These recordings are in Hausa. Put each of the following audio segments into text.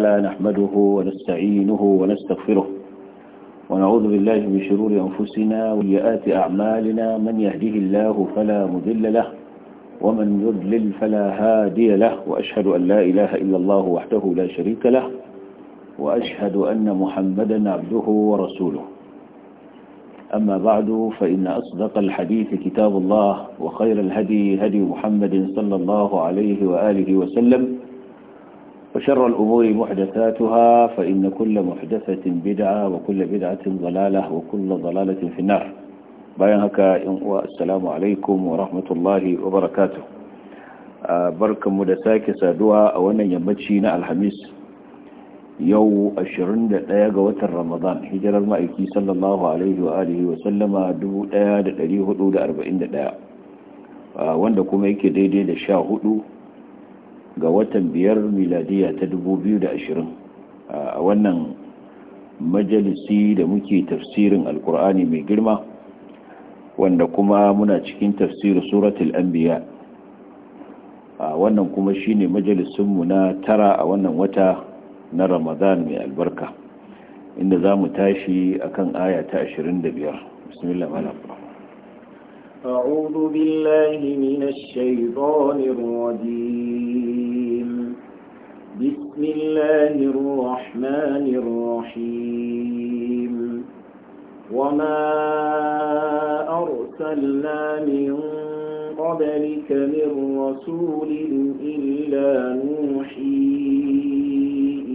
تعالى نحمده ونستعينه ونستغفره ونعوذ بالله من شرور أنفسنا وسيئات أعمالنا من يهده الله فلا مذل له ومن يضلل فلا هادي له وأشهد أن لا إله إلا الله وحده لا شريك له وأشهد أن محمدا عبده ورسوله أما بعد فإن أصدق الحديث كتاب الله وخير الهدي هدي محمد صلى الله عليه وآله وسلم وشر الأمور محدثاتها فإن كل محدثة بدعة وكل بدعة ضلالة وكل ضلالة في النار bayan haka in uwa assalamu alaikum wa rahmatullahi wa barakatuh barkanmu da sake saduwa a wannan yammaci na alhamis yau 21 ga watan ramadan hijirar ma'aiki sallallahu alaihi wa alihi wa sallama 1441 wanda kuma yake daidai da 14 ga watan biyar miladiya ta 2020 a wannan majalisi da muke tafsirin alkur'ani mai girma wanda kuma muna cikin tafsirin suratul anbiya a wannan kuma shine majalisinmu na tara a wannan wata na ramadan mai albarka inda za mu tashi akan aya ta 25 bismillah malam أعوذ بالله من الشيطان الرجيم بسم الله الرحمن الرحيم وما أرسلنا من قبلك من رسول إلا نوحي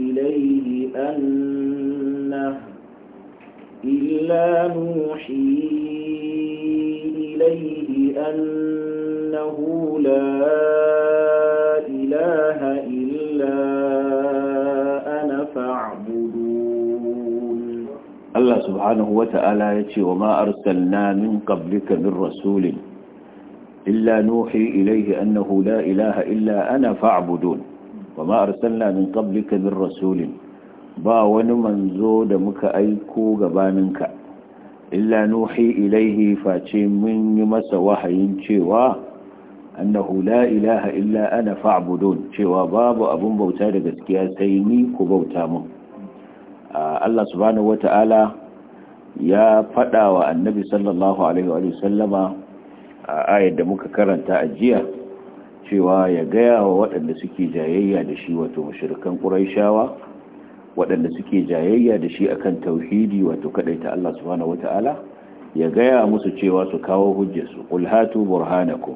إليه أنه إلا نوحي إليه أنه لا Allah subhanahu wa ta'ala ya ce wa ma'arsalna min qablika min rasulin illa nuhi ilaihi annahu la ilaha illa ana fa'budun wa ma'arsalna min qablika min rasulin ba wani manzo da muka aiko gabaninka illa nuhi ilaihi face mun yi masa wahayin cewa annahu la ilaha illa ana fa'budun cewa babu abun bauta da gaskiya sai ni ku bauta mun ah, Allah subhanahu wata'ala ya faɗa wa annabi sallallahu alaihi wa sallama a ayar da muka karanta a jiya cewa ya gaya wa waɗanda suke jayayya da shi wato mashirkan ƙuraishawa waɗanda suke jayayya da shi akan tauhidi wato ta Allah subhanahu wata'ala ya gaya musu cewa su kawo hujjarsu qul hatu burhanakum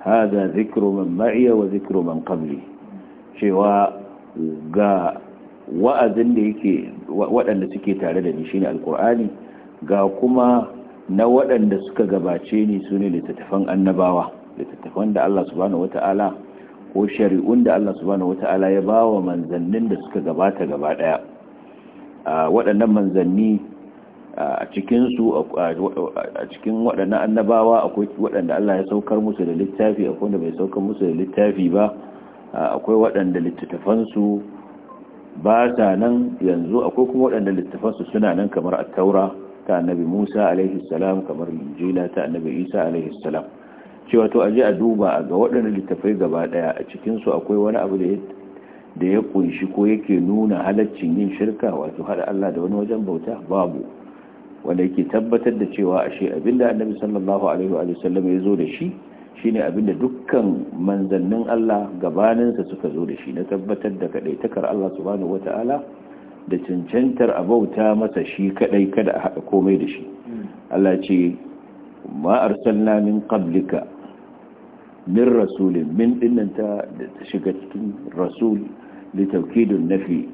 hadha dhikru man ma'iya wa dhikru man qabli cewa ga wa'azin da yake waɗanda suke tare da ni shine alkur'ani ga kuma na waɗanda suka gabace ni su ne littattafan annabawa littattafan da Allah subhanahu wata'ala ko shari'un da Allah subhanahu wata'ala ya ba wa manzannin da suka gabata gaba ɗaya waɗannan manzanni a cikinsu a cikin waɗannan annabawa akwai waɗanda Allah ya saukar musu da littafi akwai wanda bai saukar musu da littafi ba akwai waɗanda littattafansu ba ta nan yanzu akwai kuma waɗanda littafansu suna nan kamar attaura ta annabi musa alaihi salam kamar injila ta annabi isa alaihi salam cewa to aje a duba ga waɗanda littafai gaba ɗaya a cikinsu akwai wani abu da ya kunshi ko yake nuna halaccin yin shirka wato haɗa allah da wani wajen bauta babu wanda yake tabbatar da cewa ashe abinda annabi sallallahu alaihi wa sallam ya zo da shi shine abinda dukkan manzannin Allah gabaninsa suka zo da shi na tabbatar da kadaitakar Allah subhanahu wata'ala da cancantar abauta masa shi kadai kada a haɗa komai da shi Allah ce ma arsalna min qablika min rasulin min da ta shiga cikin rasul li tawkidun nafi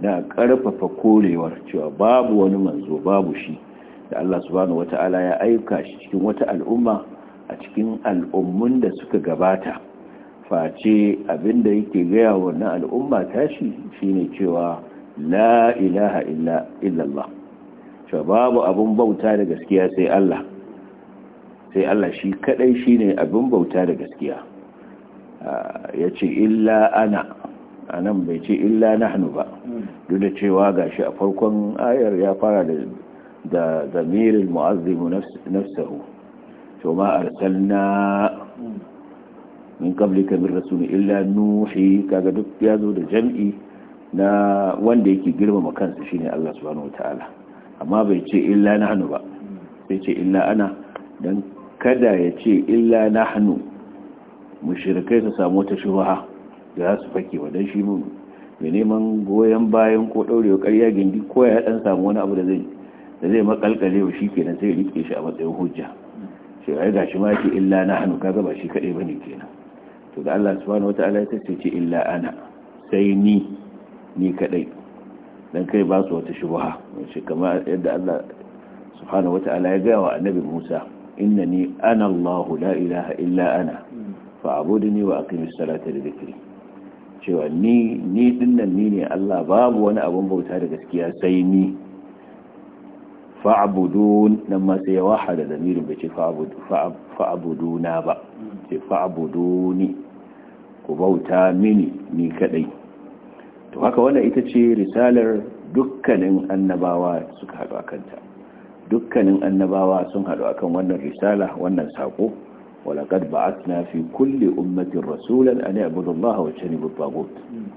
na karfafa korewar cewa babu wani manzo babu shi da Allah subhanahu wata'ala ya aika shi cikin wata al'umma a cikin al'ummun da suka gabata face abin abinda yake gaya wannan al'umma tashi shine cewa la ilaha illallah cewa babu abin bauta da gaskiya sai Allah sai Allah shi kadai shine abin bauta da gaskiya ya ce illa ana anan bai ce illa nahnu ba duk da cewa gashi a farkon ayar ya fara da da zamirin mu'azzimu nafsahu to ma arsalna min qablika min rasul illa nuhi kaga duk ya zo da jam'i na wanda yake girmama kansa shine Allah subhanahu wataala amma bai ce illa nahnu ba sai ce illa ana dan kada ya ce illa nahnu mushrikai su samu ta shubha da za su fake wa dan shi mun mai neman goyon bayan ko ɗaurewa ƙarya gindi ko ya ɗan samu wani abu da zai makalkale wa shi kenan sai rike shi a matsayin hujja sai ga gashi ma yake illa na hannu kaga ba shi kaɗai ba ne kenan to da Allah wata wata'ala ya ce illa ana sai ni ni kaɗai don kai ba su wata shubha shi kamar yadda Allah subhanahu wata'ala ya gaya wa annabi Musa innani ana allahu la ilaha illa ana fa'budni wa aqimis salata da dhikri cewa ni ni dinnan ni ne Allah babu wani abun bauta da gaskiya sai ni fa'abudun nan ma sai ya wahada zamirin bai ce fa'abuduna ba ce fa'abuduni ku bauta mini ni kadai to haka wannan ita ce risalar dukkanin annabawa suka haɗu a kanta dukkanin annabawa sun haɗu akan wannan risala wannan saƙo walaƙad suna fi kulli ummatin rasulan an ya'budu Allah wa janibu tagut hmm.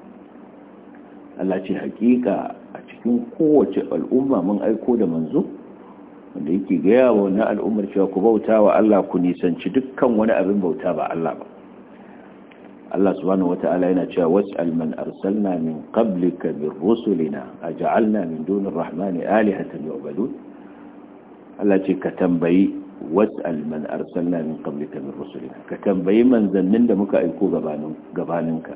Allah ce haƙiƙa. a cikin kowace al'umma mun aiko da manzo wanda yake gaya wa wannan al'ummar cewa ku bauta wa Allah ku nisanci dukkan wani abin bauta ba Allah ba Allah subhanahu wata'ala yana cewa was'al man arsalna min qablika bir rusulina aj'alna min dunir rahmani alihatan yu'badun Allah ce ka tambayi was'al man arsalna min qablika min rusulina ka tambayi manzannin da muka aiko gabanin gabaninka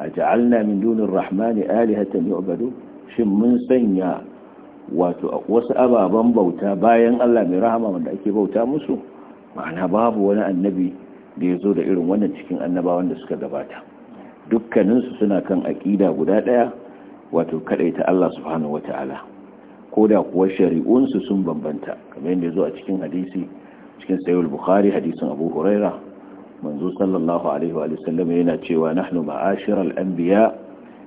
aj'alna min dunir rahmani alihatan yu'badun shin mun sanya wato wasu ababen bauta bayan Allah mai rahama wanda ake bauta musu ma'ana babu wani annabi da ya zo da irin wannan cikin annabawan da suka gabata dukkaninsu suna kan aƙida guda ɗaya wato kaɗaita Allah subhanahu ta'ala. ko da kuwa shari'unsu sun bambanta kamar yadda ya zo a cikin hadisi cikin sayul bukhari hadisin abu huraira manzo sallallahu alaihi wa sallam yana cewa nahnu ma'ashir al-anbiya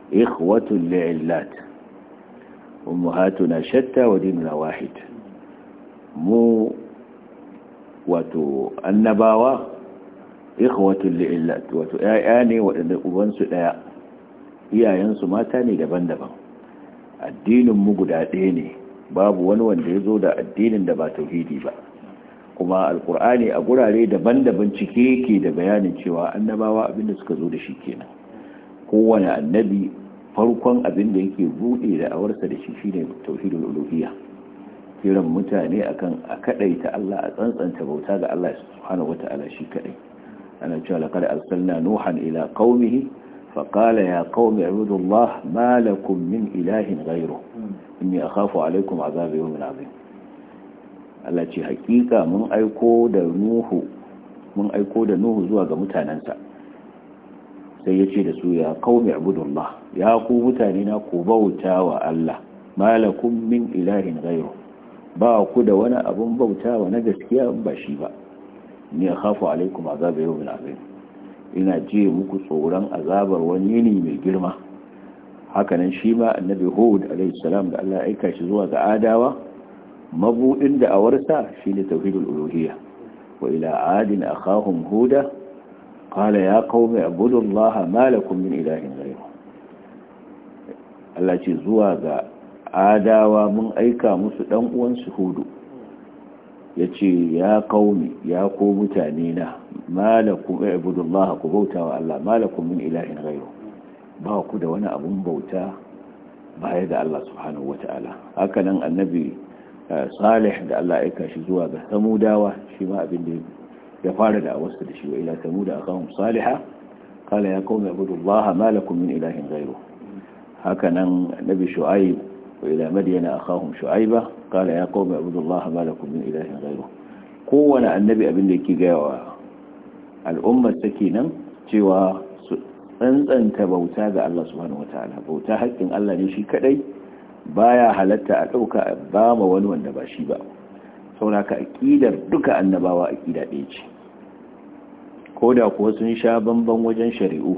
ikhwatul li'illat ummahatuna shatta wa dinuna wahid mu wato annabawa ikhwatul wato ƴaƴa ne waɗanda ubansu ɗaya iyayensu mata ne daban-daban addinin mu guda ɗaya ne babu wani wanda ya zo da addinin da ba tauhidi ba kuma alkur'ani a gurare daban-daban cike yake da bayanin cewa annabawa abinda suka zo da shi kenan kowane annabi farkon abin da yake buɗe da awarsa da shi shine tauhidul kiran mutane akan a kadaita Allah a tsantsanta bauta ga Allah subhanahu wataala shi kadai ana cewa laqad arsalna nuhan ila qaumihi فقال يا قوم اعبدوا الله ما لكم من إله غيره إني أخاف alaikum a يوم عظيم التي حقيقة Allah ce haƙiƙa mun aiko da nuhu zuwa ga متاننسا sai ya ce da su ya kaume ibudullah ya ku mutane na ku bauta wa Allah malakun min ilahin gairu ba ku da wani abun bauta wa na gaskiya ba shi ba ni akhafu alaikum yau yawmin azim ina ji muku tsoron azabar wani yini mai girma hakanan shi ma annabi hud alaihi salam da Allah ya aika shi zuwa ga adawa mabudin da awarsa shine tauhidul uluhiyya wa ila adin akhahum huda qala ya qaumi abudullaha ma lakum min ilahin ghayru Allah ce zuwa ga adawa mun aika musu dan uwansu hudu ya ce ya kaumi ya ko mutane na malakun abudullaha ku bauta wa Allah malakun min ilahin gairu ba ku da wani abun bauta baya da Allah subhanahu wata'ala haka nan annabi salih da Allah aika shi zuwa ga samudawa shi ma abin da ya fara da awasu da shi wa ila thamud aqahum saliha qala ya qaumi ibudullaha ma lakum min ilahin ghayruh haka nan annabi shu'aib wa ila madyana aqahum shu'aiba qala ya qaumi ibudullaha ma lakum min ilahin ghayruh kowane annabi abin da yake gaya wa al'ummar take nan cewa su tsantsanta bauta ga Allah subhanahu wataala bauta haƙƙin Allah ne shi kadai baya halatta a ɗauka a bama wani wanda ba shi ba sauraka aƙidar duka annabawa aqida ɗaya ce koda kuwa sun sha bamban wajen shari'u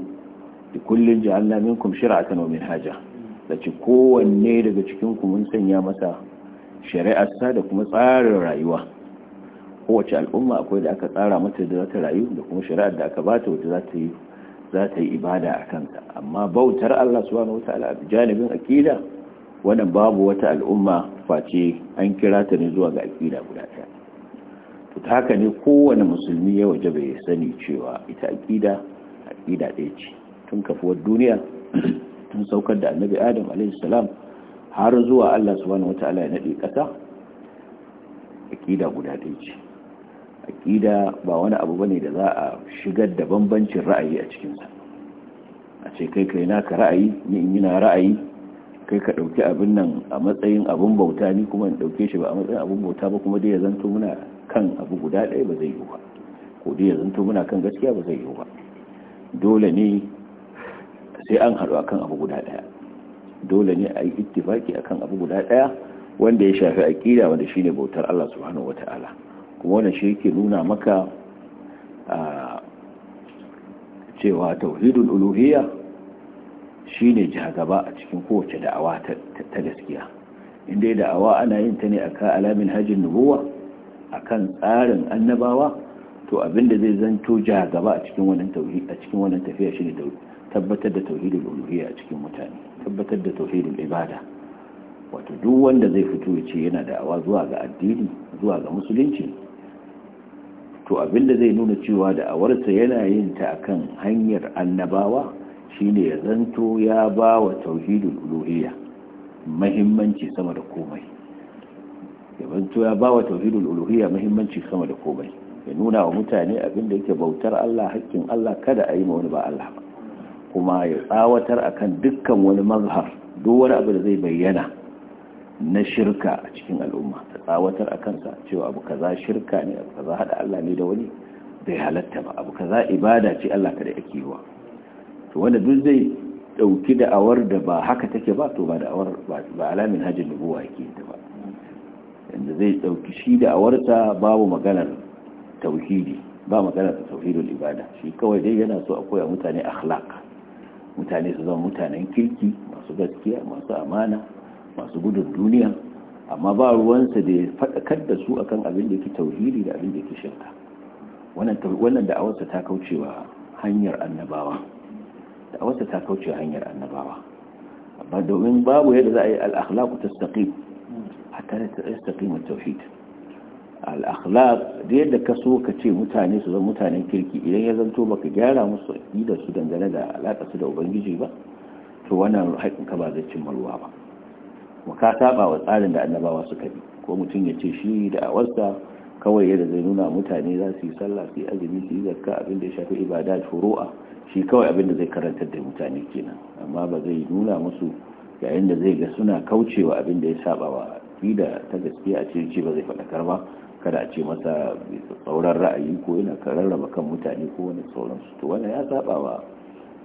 da kullun ja'alna minkum shir'atan wa minhaja dace kowanne daga cikin ku sanya masa shari'arsa da kuma tsarin rayuwa kowace al'umma akwai da aka tsara mata da zata rayu da kuma shari'ar da aka bata wata zata yi za yi ibada a kanta amma bautar Allah subhanahu wa wata al'adu janibin aƙida. wannan babu wata al'umma face an kira ta ne zuwa ga aƙida guda ɗaya to haka ne kowane musulmi ya waje bai sani cewa ita aƙida aƙida ɗaya ce tun kafuwar duniya tun saukar da annabi adam alaihi salam har zuwa Allah subhanahu wata'ala ya nade ƙasa aƙida guda ɗaya ce aƙida ba wani abu bane da za a shigar da bambancin ra'ayi a cikinsa a ce kai kai naka ra'ayi ni in yi na ra'ayi kai ka ɗauki abin nan a matsayin abin bauta ni kuma in ɗauke shi ba a matsayin abin bauta ba kuma dai ya zanto muna kan abu guda ɗaya ba zai yi ba ko dai ya zanto muna kan gaskiya ba zai yi ba dole ne sai an haɗu akan abu guda ɗaya dole ne a yi ittifaki akan abu guda ɗaya wanda ya shafi aƙida wanda shine bautar Allah subhanahu wata'ala kuma wannan shi yake nuna maka ah, cewa tauhidul uluhiyya Shi shine gaba a cikin kowace da'awa ta gaskiya inda da'awa ana yin ta ne ka alamin hajji nubuwa a kan tsarin annabawa to abinda zai zanto jagaba a cikin wannan tauhid a cikin wannan tafiya shine tabbatar da tauhidin uluhiyya a cikin mutane tabbatar da tauhidin ibada wato duk wanda zai fito ya ce yana da'awa zuwa ga addini zuwa ga musulunci to abinda zai nuna cewa da'awarsa yana yin ta akan hanyar annabawa shine ya zanto ya ba wa tauhidul uluhiyya muhimmanci sama da komai ya zanto ya ba wa tauhidul uluhiyya muhimmanci sama da komai ya nuna wa mutane abin da yake bautar Allah hakkin Allah kada a yi ma wani ba Allah ba kuma ya tsawatar akan dukkan wani mazhar duk wani abu da zai bayyana na shirka a cikin al'umma ta tsawatar a kansa cewa abu kaza shirka ne abu kaza hada Allah ne da wani bai halatta ba abu kaza ibada ce Allah kada yake yi wa to wanda duk zai dauki da'awar da ba haka take ba to ba da'awar ba alamin hajjin nubuwa yake ta ba yanda zai dauki shi da'awarsa babu maganar tauhidi ba maganar tauhidul ibada shi kawai dai yana so a koya mutane akhlaq mutane su zama mutanen kirki masu gaskiya masu amana masu gudun duniya amma ba ruwansa da ya faɗakar da su akan abin da yake tauhidi da abin da yake shirka wannan da'awarsa ta kaucewa hanyar annabawa da da'awarsa ta kauce hanyar annabawa amma domin babu yadda za a yi al'akhlaq tastaqim hatta ta at-tauhid al'akhlaq da yadda ka so ka ce mutane su zama mutanen kirki idan ya zanto baka gyara musu da su dangane da alaƙa su da ubangiji ba to wannan haƙin ka ba zai cimma ruwa ba mu ka saba wa tsarin da annabawa suka bi ko mutum ya ce shi da awarsa kawai yadda zai nuna mutane za su yi sallah su yi azumi su yi zakka abin da ya shafi ibada furu'a shi kawai abin da zai karantar da mutane kenan amma ba zai nuna musu yayin da zai ga suna kaucewa abin da ya saba wa da ta gaskiya a cikin ce ba zai faɗakar ba kada a ce masa tsauran ra'ayi ko yana kararraba kan mutane ko wani sauransu to wannan ya saba wa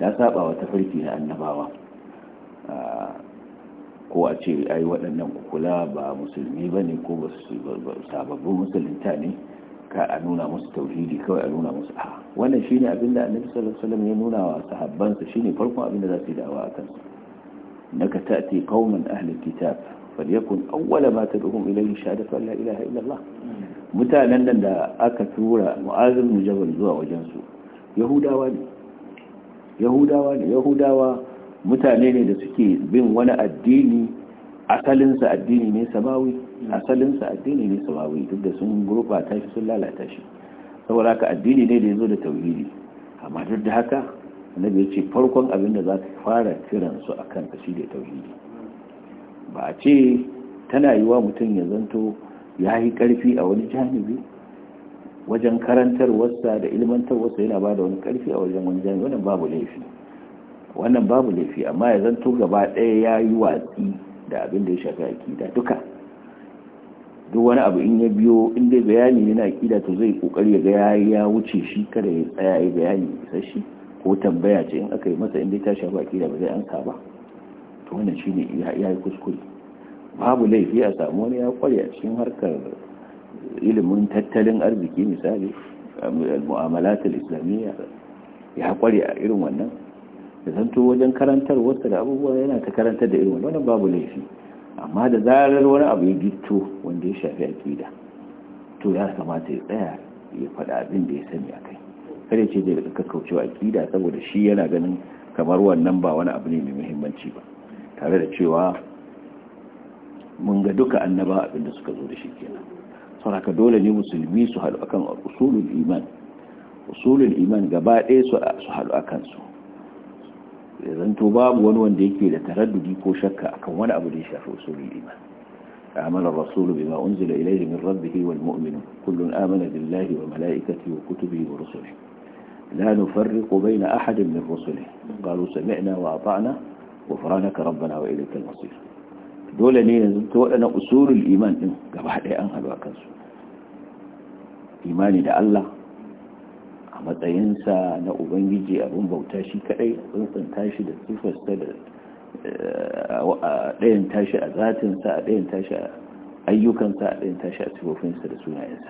ya saba wa tafarki na annabawa ah, ko a ce ai waɗannan kula ba musulmi ba ne ko ba su sababbin musulunta ne ka a nuna musu tauhidi kawai a nuna musu a wannan shine abin da annabi sallallahu alaihi ya nuna wa sahabbansa shine farkon abin da za su yi da'awa a kansa naka ta'ti qauman ahli kitab falyakun awwala ma tad'uhum ilayhi shahadatu an la ilaha illa allah mutanen nan da aka tura mu'azim mujabal zuwa wajen su yahudawa ne yahudawa ne yahudawa mutane ne da suke bin wani addini asalinsa addini ne samawi asalinsa addini ne samawi duk da sun gurbata shi sun lalata shi saboda haka addini ne da ya zo da tauhidi amma duk da haka annabi ya ce farkon abin da za ka fara kiran su akan shi da tauhidi ba a ce tana yi wa mutum ya zanto ya yi karfi a wani janibi wajen karantar wasa da ilmantar wasa yana ba da wani karfi a wajen wani janibi wannan babu laifi wannan babu laifi amma ya zanto gaba ɗaya ya yi watsi da abin da ya shafi akida duka duk wani abu in ya biyo in dai bayani yana na akida to zai ƙoƙari ya ga ya wuce shi kada ya tsaya ya bayani isasshe ko tambaya ce in aka yi masa in dai ta shafi ƙida ba zai ansa ba to wannan shine ya yi kuskure babu laifi a samu wani ya kware a cikin harkar ilimin tattalin arziki misali mu'amalatul islamiyya ya kware a irin wannan da zanto wajen karantar wasu da abubuwa yana ta karantar da irin wannan babu laifi amma da zarar wani abu ya gito wanda ya shafi aƙida to ya kamata ya tsaya ya faɗa abin da ya sani a kai kada ce zai ka kaucewa aƙida saboda shi yana ganin kamar wannan ba wani abu ne mai muhimmanci ba tare da cewa mun ga duka annaba abin da suka zo da shi kenan saboda dole ne musulmi su haɗu akan usulul iman usulul iman gaba ɗaya su haɗu akan su ya zanto babu wani wanda yake da taraddudi ko shakka akan wani abu da ya shafi usulul iman آمن الرسول بما أنزل إليه من ربه والمؤمن كل آمن بالله وملائكته وكتبه ورسله لا نفرق بين أحد من رسله قالوا سمعنا وأطعنا غفرانك ربنا وإليك المصير دولة نين أنا أصول الإيمان قبل أن هذا كنسو إيماني لأ الله matsayinsa na ubangiji abin bauta shi kadai tsuntsun tashi da sifarsa da eh, ɗayan tashi a zatinsa a ɗayan tashi a ayyukansa a ɗayan tashi a sifofinsa da sunayensa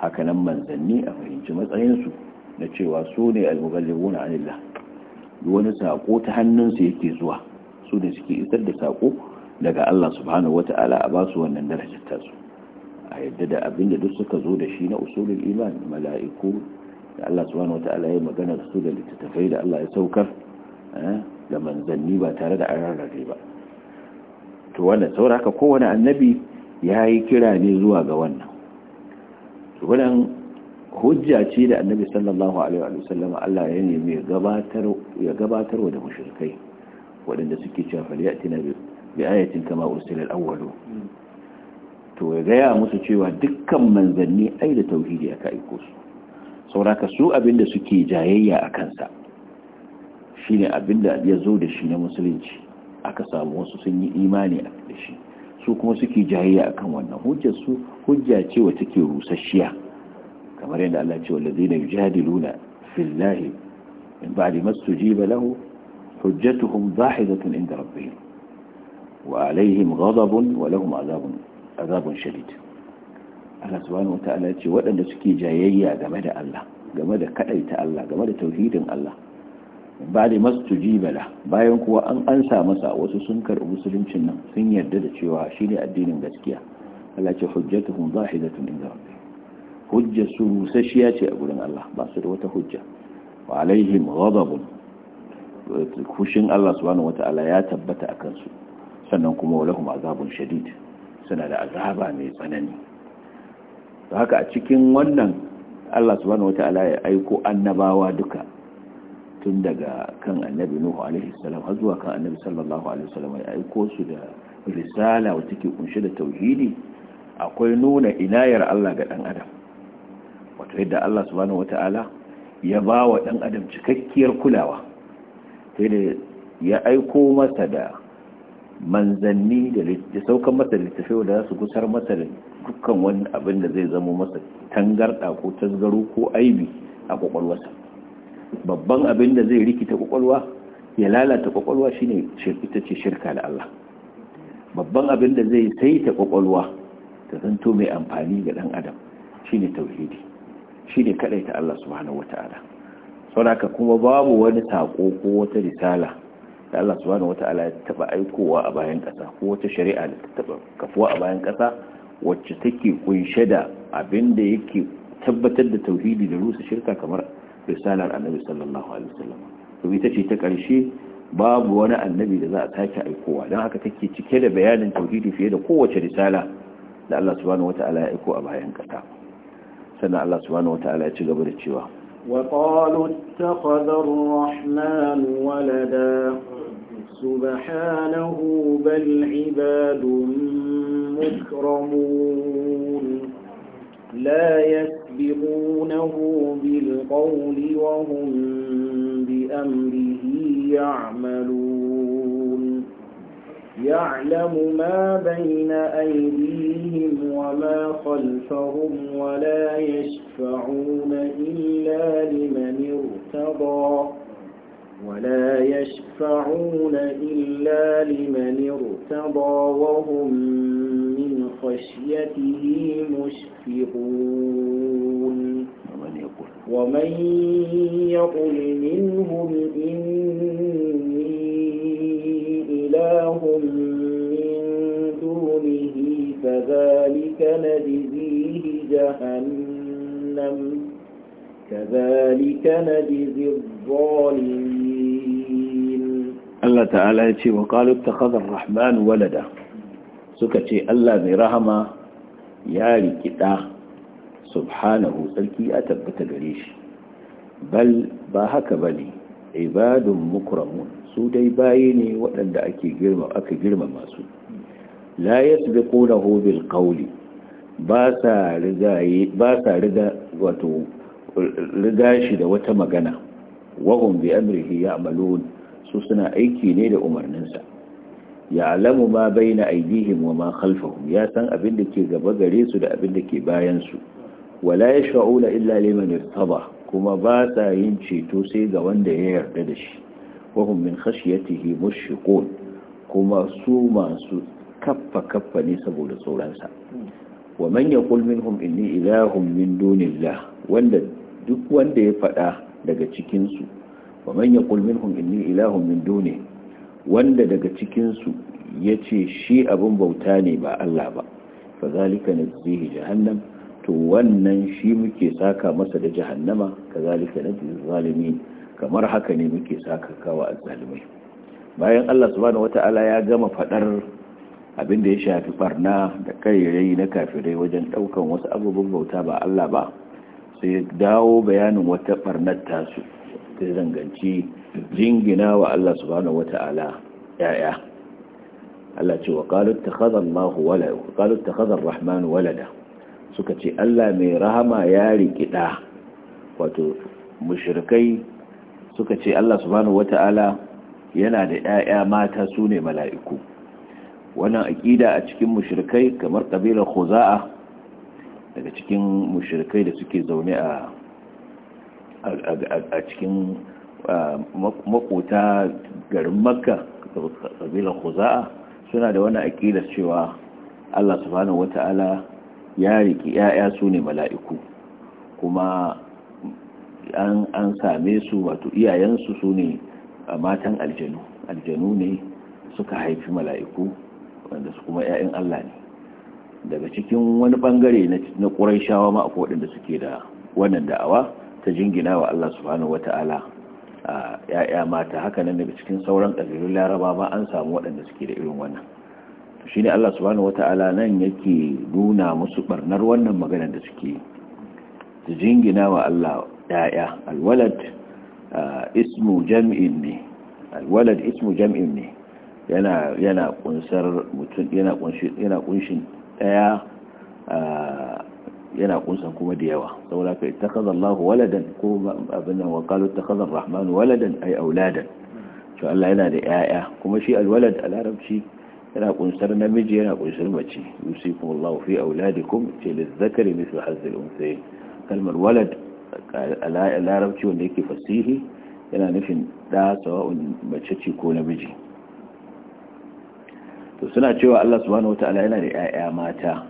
hakanan manzanni a fahimci matsayinsu na cewa su ne almuballighuna anillah wani sako ta hannunsu yake zuwa su da suke isar da sako daga Allah subhanahu wata'ala a basu wannan darajar tasu a yadda da abinda duk suka zo da shi na usulul iman mala'iku da Allah subhanahu wataala ya magana su da littattafai da Allah ya saukar eh, da manzanni ba tare da an ba to wannan sauraka kowane annabi ya yi kira ne zuwa ga wannan wannan hujja ce da annabi sallallahu alaihi wa sallam Allah ya nemi ya gabatar wa da mushrikai waɗanda suke cewa falyati na bi ayatin kama ursilal awwalu to ya gaya musu cewa dukkan manzanni ai da tauhidi aka aiko su sauraka su abinda suke jayayya a kansa shine abinda ya zo da shi na musulunci aka samu wasu sun yi imani da shi su kuma suke jayayya akan wannan hujjar su hujja ce wa take rusasshiya kamar yadda Allah ce wallazina yujadiluna fillahi min ba'di mastujiba lahu hujjatuhum zahidatun inda rabbihim wa alaihim ghadabun wa lahum azabun azabun shadid Allah subhanahu wataala ya ce waɗanda suke jayayya game da Allah game da ta Allah game da tauhidin Allah ba da mastujiba la bayan kuwa an ansa masa wasu sun karɓi musuluncin nan sun yarda da cewa shine addinin gaskiya Allah ce hujjatuhum tun inda rabbi hujja su rusasshiya ce a gurin Allah ba su da wata hujja wa alaihim ghadabun kushin Allah subhanahu wataala ya tabbata akan su sannan kuma walahum azabun shadid suna da azaba mai tsanani to haka a cikin wannan Allah subhanahu wata'ala ya aiko annabawa duka tun daga kan annabi nuhu alaihi salam har zuwa kan annabi sallallahu alaihi wasallam ya aiko su da risala wacce ke kunshe da tauhidi akwai nuna inayar Allah ga dan adam wato yadda Allah subhanahu wata'ala ya ba wa dan adam cikakkiyar kulawa sai da ya aiko masa da manzanni da saukan masa littafi da su gusar masa da dukkan wani abin da zai zamo masa tangarda ko tasgaro ko aibi a kwakwalwarsa babban abin da zai rikita kwakwalwa ya lalata kwakwalwa shine ita ce shirka da Allah babban abin da zai saita kwakwalwa ta zanto mai amfani ga dan adam shine tauhidi shine ta Allah subhanahu wataala saboda kuma babu wani sako ko wata risala da Allah subhanahu wata'ala ya taba aikowa a bayan kasa ko wata shari'a da taba kafuwa a bayan kasa wacce take kunshe da abin da yake tabbatar da tauhidi da rusa shirka kamar risalar annabi sallallahu alaihi wasallam to ita ce ta karshe babu wani annabi da za a sake aikowa don haka take cike da bayanin tauhidi fiye da kowace risala da Allah subhanahu wata'ala ya aiko a bayan kasa sannan Allah subhanahu wata'ala ya ci gaba da cewa وقالوا اتخذ الرحمن ولدا سبحانه بل عباد مكرمون لا يسبقونه بالقول وهم بأمره يعملون يعلم ما بين أيديهم وما خلفهم ولا يشفعون إلا لمن ارتضى ولا يشفعون إلا لمن ارتضى وهم من خشيته مشفقون ومن يقل منهم إن إله من دونه كذلك نجزيه جهنم كذلك نجزي الظالمين الله تعالى يتي وقالوا اتخذ الرحمن ولدا سكتي الله برحمة يا لكتا سبحانه سلكي أتبت قريش بل باهك بني عباد مكرمون su dai bayi ne waɗanda ake girma aka girma masu la yasbiqunahu bil qawli ba sa ba sa riga wato riga shi da wata magana wahum bi amrihi ya'malun su suna aiki ne da umarninsa ya'lamu ma baina aydihim wa ma khalfahum ya san abin da ke gaba gare su da abin da ke bayan su wala yashfa'una illa liman irtaba kuma ba sa yin ceto sai ga wanda ya yarda da shi wahum min khashiyatihi mushiqun kuma su masu kaffa kaffa ne saboda sa wa man yaqul minhum inni ilahun min dunillah wanda duk wanda ya fada daga cikin su wa man yaqul minhum inni ilahun min duni wanda daga cikin su yace shi abun bauta ne ba Allah ba fa zalika nazihi jahannam to wannan shi muke saka masa da jahannama kazalika nafsi zalimin kamar haka ne muke saka kawa azzalimai bayan Allah subhanahu wataala ya gama fadar abin da ya shafi barna da karirai na kafirai wajen daukan wasu abubuwan bauta ba Allah ba sai dawo bayanin wata barnar tasu ta zanganci jingina wa Allah subhanahu wataala ya'ya Allah ce wa qalu ittakhadha Allahu rahmanu walada suka ce Allah mai rahama ya rikida wato mushrikai suka ce Allah subhanahu wata'ala yana da ƴaƴa mata su ne mala'iku wannan aqida a cikin mushrikai kamar kabilar khuza'a daga cikin mushrikai da suke zaune a a cikin makota garin makka kabilar khuza'a suna da wani aqidar cewa Allah subhanahu wata'ala ya riki ‘ya'ya su ne mala'iku kuma an same su wato iyayensu su ne matan aljanu aljanu ne suka haifi mala'iku wanda su kuma ‘ya'yan Allah ne daga cikin wani bangare na ƙurai shawa ma akwai waɗanda suke da wannan da'awa ta jingina wa Allah subhanahu wa a ‘ya'ya mata haka nan daga cikin sauran ƙabilun laraba an samu waɗanda suke da irin wannan shine Allah subhanahu wata'ala nan yake nuna musu barnar wannan magana da suke su jingina wa Allah ya'ya alwalad uh, ismu jam'in ne alwalad ismu jam'in ne yana yana kunsar mutum yana kunshi kunshin daya uh, yana kunsan kuma da yawa saboda ka ittakhadha Allah waladan ko abin nan wa qalu ittakhadha rahman waladan ai auladan to Allah yana da ƴaƴa kuma shi alwalad a larabci لا قنسرنا مجي لا قنسر مجي يوسيكم الله في أولادكم للذكر مثل حز الأمثين كلمة الولد لا ربتي وليك فسيه إلا نفن لا سواء مجتي كون مجي سنة جواء الله سبحانه وتعالى إلا لآياماتا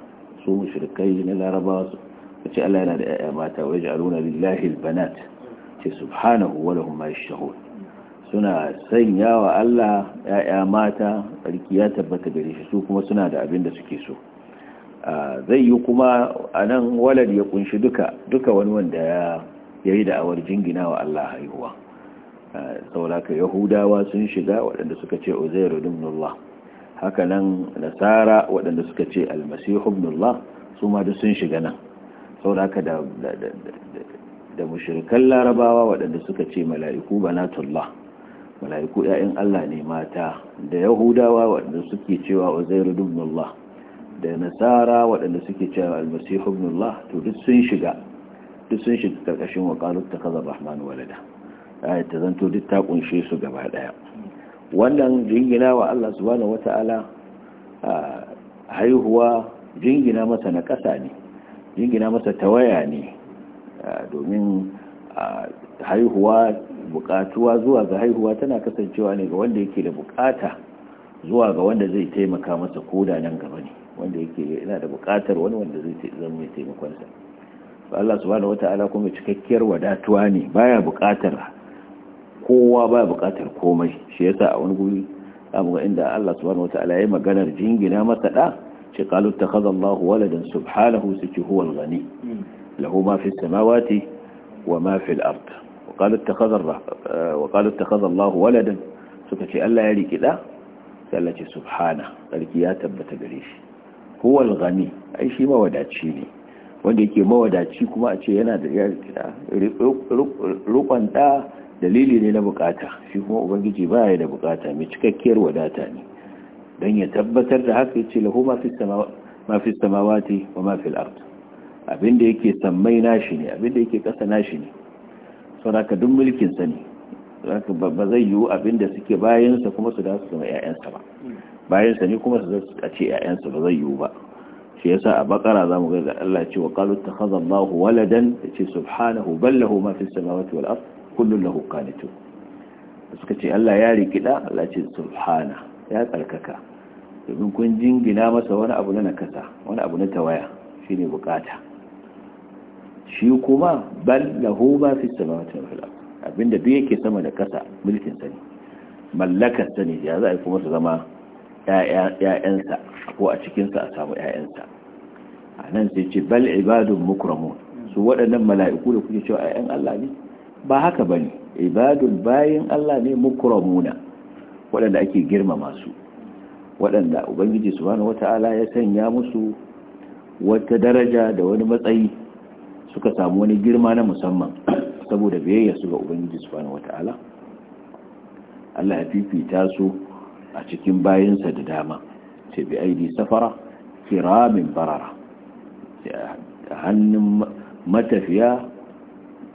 سوء شركين إلا رباس وإلا لآياماتا ويجعلون لله البنات سبحانه ولهم ما يشتغون suna sanya wa Allah ‘ya'ya mata sarki ya tabbata gare shi su kuma suna da abin da suke so zai yi kuma a nan walar ya kunshi duka duka wani wanda ya yi da'awar jingina wa Allah haihuwa sauraka yahudawa sun shiga waɗanda suka ce uzairu dimnullah haka nan nasara waɗanda suka ce almasihu dimnullah su ma duk sun shiga nan sauraka da da larabawa waɗanda suka ce mala'iku banatullah mala'iku ‘ya'yan Allah ne mata da yahudawa waɗanda suke cewa wa zairu dubnullah da nasara waɗanda suke cewa almasihu dubnullah to duk sun shiga duk sun shiga ƙarƙashin wa ta kaza rahman walada ayat ta zanto duk ta kunshe su gaba ɗaya wannan jingina wa Allah subhanahu wata'ala haihuwa jingina masa na ƙasa ne jingina masa tawaya ne domin haihuwa bukatuwa zuwa ga haihuwa tana kasancewa ne ga wanda yake da bukata zuwa ga wanda zai taimaka masa koda nan gaba ne wanda yake yana da bukatar wani wanda zai zama mai taimakonsa Allah subhanahu wata'ala kuma cikakkiyar wadatuwa ne baya bukatar kowa baya bukatar komai shi yasa a wani guri ga inda Allah subhanahu wata'ala ya maganar jingina masa da shi qalu takhadha Allah waladan subhanahu suki huwa al-ghani lahu ma fi samawati wa ma fi al-ardh wa qalu takhadha Allahu waladan suka ce Allah ya riki da sai Allah subhana sarki ya tabbata gare shi huwa al-ghani ai mawadaci ne wanda yake mawadaci kuma a ce yana da ya riki da dalili ne na bukata shi kuma ubangiji baya da bukata mai cikakkiyar wadata ne dan ya tabbatar da haka yace lahu ma fi samawati ma fi samawati wa ma fi al-ard sammai nashi ne abinda yake kasa nashi ne sauraka duk sa ne sauraka ba zai yiwu abin da suke bayansa kuma su da su zama 'ya'yansa ba bayansa ne kuma su za su ce 'ya'yansa ba zai yiwu ba shi yasa a bakara zamu ga da Allah cewa qalu takhadha Allahu waladan yace subhanahu bal lahu ma fis samawati wal ard kullu lahu qanitun suka ce Allah ya rikida Allah ce subhana ya tsarkaka domin kun jingina masa wani abu na nakasa wani abu na tawaya shine bukata shi kuma bal lahu ba fi samawati wal ard abinda duk yake sama da kasa mulkin sani ne mallakar sani ya za a yi kuma su zama ‘ya'yansa ko a cikinsa a samu ‘ya'yansa a nan sai ce bal ibadun mukramun su waɗannan mala'iku da kuke cewa ‘ya'yan Allah ne ba haka ba ne ibadun bayan Allah ne mukramuna waɗanda ake girmama su waɗanda ubangiji su wani wata'ala ya sanya musu wata daraja da wani matsayi suka samu wani girma na musamman saboda biyayya su ga ubangiji subhanahu wata'ala Allah ya fifita su a cikin bayansa da dama ce bi aidi safara kiramin barara a hannun matafiya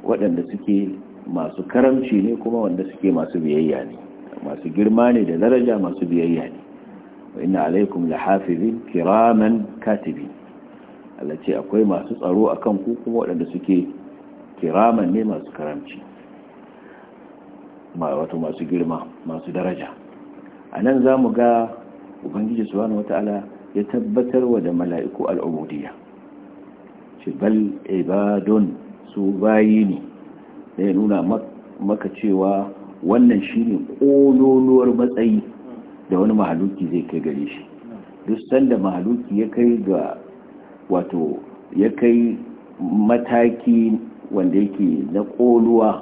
waɗanda suke masu karamci ne kuma wanda suke masu biyayya ne masu girma ne da daraja masu biyayya ne wa ina alaikum lahafizin kiraman katibin Allah ce akwai masu tsaro akan ku kuma waɗanda suke kiraman ne masu karamci wato masu girma masu daraja a nan za mu ga ubangiji subhanahu wata'ala ya tabbatar wa da mala'iku al'ubudiyya ce bal ibadun su bayi ne da ya nuna maka cewa wannan shine ƙololuwar matsayi da wani mahaluki zai kai gare shi duk sanda mahaluki ya kai ga wato ya kai mataki wanda yake na ƙoluwa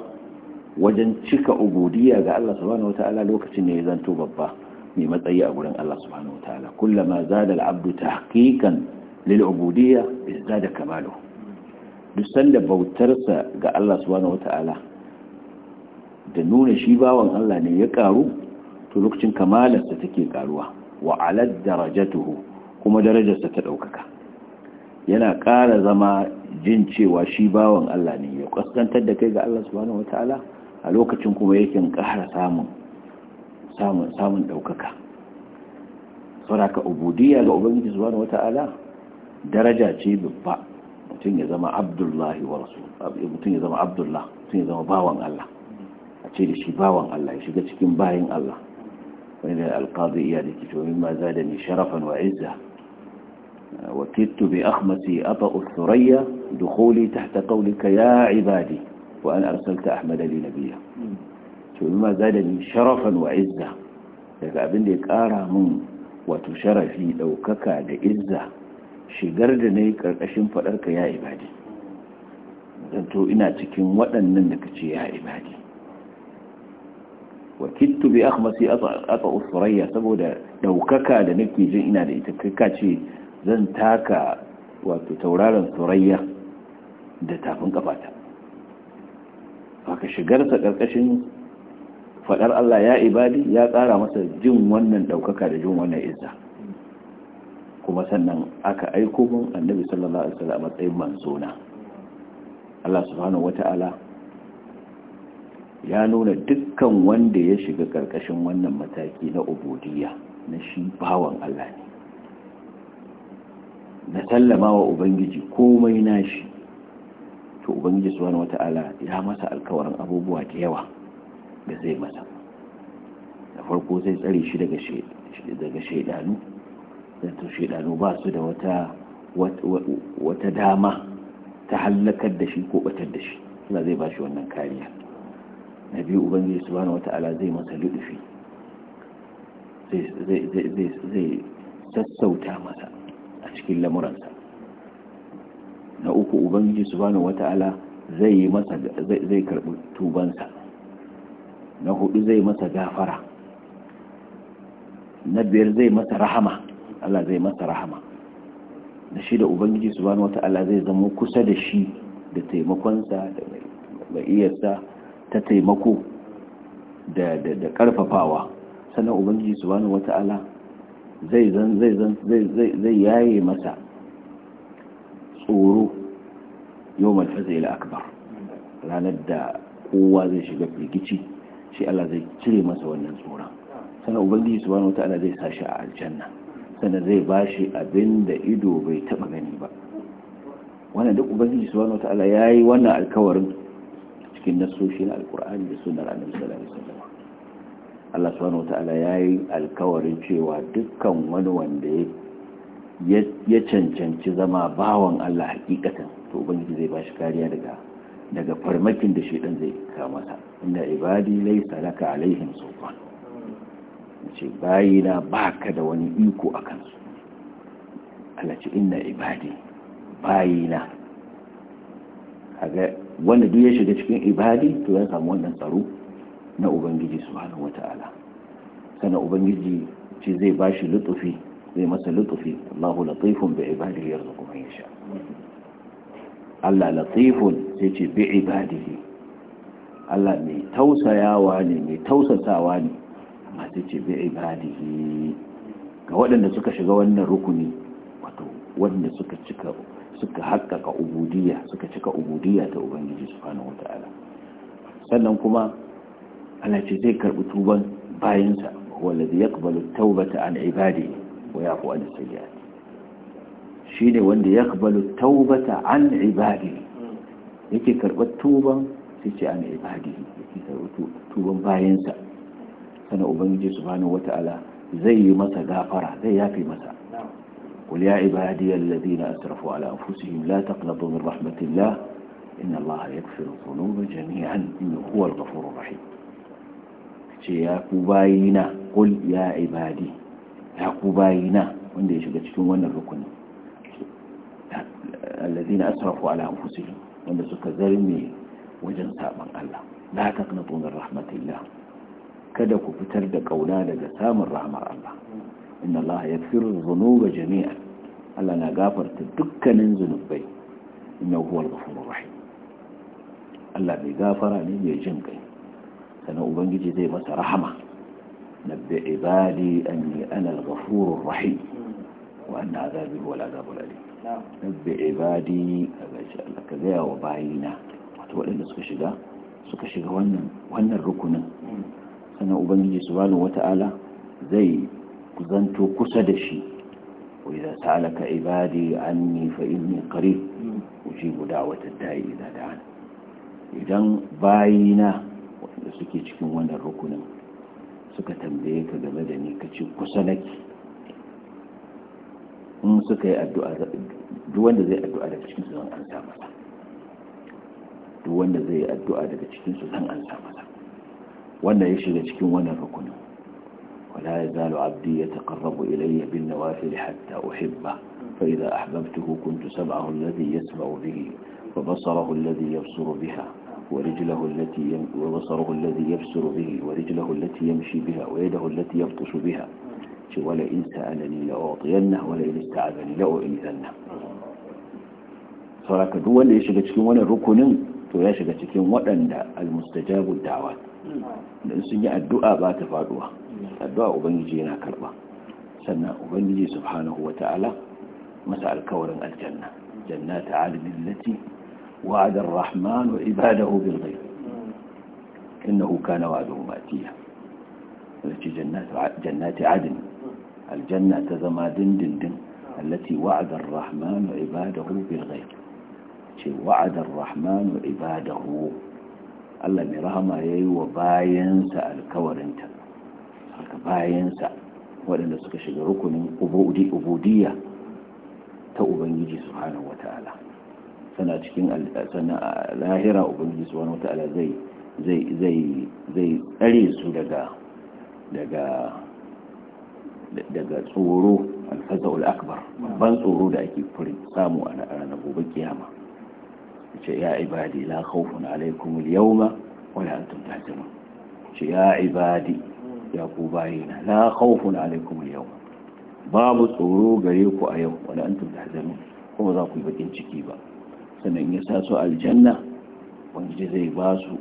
wajen cika ubudiyya ga Allah subhanahu wataala lokacin ne ya zanto babba mai matsayi a gurin Allah subhanahu wataala kullama zada al-abdu tahqiqan lil ubudiyya izada kamalu duk sanda bautarsa ga Allah subhanahu wataala da nuna shi bawan Allah ne ya karu to lokacin kamalarsa take karuwa wa ala darajatuhu kuma darajarsa ta daukaka yana ƙara zama jin cewa shi bawan Allah ne ya kaskantar da kai ga Allah subhanahu wataala a lokacin kuma yake ƙara samun samun samun daukaka saboda ubudiyya ga ubangiji subhanahu wataala daraja ce babba mutum ya zama abdullahi wa rasul mutum ya zama abdullah mutum ya zama bawan Allah a ce da shi bawan Allah ya shiga cikin bayin Allah wani da alqadi iya da kito mimma zada ni sharafan wa izza وكدت بأخمسي أطأ الثريا دخولي تحت قولك يا عبادي وأن أرسلت أحمد لي نبيا زادني شرفا وعزة daga abin da ya ƙara mun wato sharafi daukaka da izza shigar da na yi karkashin fadarka ya ibadi ina cikin waɗannan da kace ya ibadi wakittu bi usrayya saboda da nake jin ina da zan taka wato tauraron surayya da tafin kafata haka shigarsa ƙarƙashin faɗar Allah ya ibadi ya tsara masa jin wannan ɗaukaka da jin wannan izza kuma sannan aka aiko mun annabi sallallahu alaihi wasallam matsayin manzona Allah subhanahu wata'ala ya nuna dukkan wanda ya shiga ƙarƙashin wannan mataki na ubudiyya na shi bawan Allah ne na sallama wa ubangiji komai nashi to ubangiji subhanahu wata'ala ya masa alkawarin abubuwa da yawa da zai masa da farko zai tsare shi daga daga da to shaidanu ba su da wata wata dama ta hallakar da shi ko batar da shi Allah zai ba shi wannan kariya na biyu ubangiji subhanahu wata'ala zai masa ludufi zai sassauta masa cikin lamuransa na uku ubangiji subhanahu wata'ala zai yi masa zai karbi tubansa na hudu zai masa gafara na biyar zai masa rahama Allah zai masa rahama na shida ubangiji subhanahu wata'ala zai zama kusa da shi da taimakonsa da ba'iyarsa ta taimako da karfafawa sannan ubangiji subhanahu wata'ala zai zan zai zan zai yaye masa tsoro yawmal fazil akbar ranar da kowa zai shiga firgici shi Allah zai cire masa wannan tsoron sannan ubangiji subhanahu wataala zai sashi a aljanna sannan zai shi abin da ido bai taba gani ba wannan duk ubangiji subhanahu wataala yi wannan alkawarin cikin nasoshi na alkur'ani da sunar annabi sallallahu alaihi wasallam Allah subhanahu wata'ala ya yi alkawarin cewa dukkan wani wanda ya cancanci zama bawan Allah hakikatan to ubangiji zai ba shi kariya daga daga farmakin da shi zai kama ta inda ibadi laysa laka alaihim sultan ce bayina baka da wani iko a su Allah ce inna ibadi bayina kaga wanda duk ya shiga cikin ibadi to ya samu wannan tsaro na ubangiji subhanahu wata'ala sannan ubangiji ce zai ba shi lutufi zai masa lutufi Allahu latifun bi ibadihi yarzuqu man yasha Allah latifun sai ce bi ibadihi Allah mai tausayawa ne mai tausasawa ne amma sai ce bi ibadihi ga waɗanda suka shiga wannan rukuni wato waɗanda suka cika suka haƙƙaƙa ubudiyya suka cika ubudiyya ta ubangiji subhanahu wata'ala sannan kuma Allah ce zai karbi tuban bayansa wallazi yaqbalu tawbata an ibadi wa yafu an sayyi'at shine wanda yaqbalu tawbata an ibadi yake karbar tuban sai ce an ibadi yake karbi tuban bayansa sana ubangiji subhanahu wata'ala zai yi masa gafara zai yafi masa قل يا عبادي الذين أسرفوا على أنفسهم لا تقنطوا من رحمة الله إن الله يغفر الذنوب جميعا إنه هو الغفور الرحيم ce ya ku bayina qul ya ibadi ya ku bayina wanda ya shiga cikin wannan rukuni alladhina asrafu ala anfusihim wanda suka zarme wajen saban Allah la taqnatu min rahmatillah kada ku fitar da kauna daga samun rahmar Allah inna Allah yaghfiru dhunuba jami'an Allah na gafarta dukkanin zunubai inna al-ghafurur rahim Allah mai gafara ne ya jin kai sannan ubangiji zai masa rahama nabbi ibadi anni ana al-ghafurur rahim wa anna azabi huwa al-azabul alim nabbi ibadi ka gaya wa bayina wato waɗanda suka shiga suka shiga wannan wannan rukunin hmm. sannan ubangiji subhanahu wata'ala zai zanto kusa da shi wa idza sa'alaka ibadi anni fa inni qarib hmm. ujibu da'watad da'i idza da'an idan bayina da suke cikin wannan rukunin suka tambaye ka game da ni ka ce kusa nake in suka yi addu'a duk wanda zai addu'a daga cikin su zan an sa masa duk wanda zai addu'a daga cikin su zan an sa masa wanda ya shiga cikin wannan rukunin wala yazalu abdi yataqarrabu ilayya bin nawafil hatta uhibba fa idza ahbabtuhu kuntu sab'ahu alladhi yasma'u bihi wa basarahu alladhi yabsuru biha ورجله التي وبصره الذي يبصر به ورجله التي يمشي بها ويده التي يبطش بها ولئن سألني لأعطينه ولئن استعاذني لأؤنذنه sauraka duk wanda ya shiga cikin wannan rukunin to ya shiga cikin waɗanda almustajabu da'wa dan sun yi addu'a ba ta faduwa addu'a ubangiji yana karba sannan ubangiji subhanahu wata'ala masa alkawarin aljanna jannata alimin lati وعد الرحمن عباده بالغيب إنه كان وعده ماتيا التي جنات جنات عدن الجنة تزمادن دن دن التي وعد الرحمن عباده بالغيب شيء وعد الرحمن عباده الله مرهما يو باين سأل كورنت سألك باين سأل ولن نسكش ركن أبودي أبودية تأبن يجي سبحانه وتعالى tana cikin lahira ubangiji subhanahu wata'ala zai zai zai zai tsare su daga daga daga tsoro alfaza'ul akbar ban tsoro da ake furin samu a ranar gobe kiyama ce ya ibadi la khawfun alaikum al wani an antum tahzanun ce ya ibadi ya ku bayina la khawfun alaikum al babu tsoro gare ku a yau wani wala antum tahzanun kuma za ku yi bakin ciki ba sannan ya sa su aljanna wanda zai ba su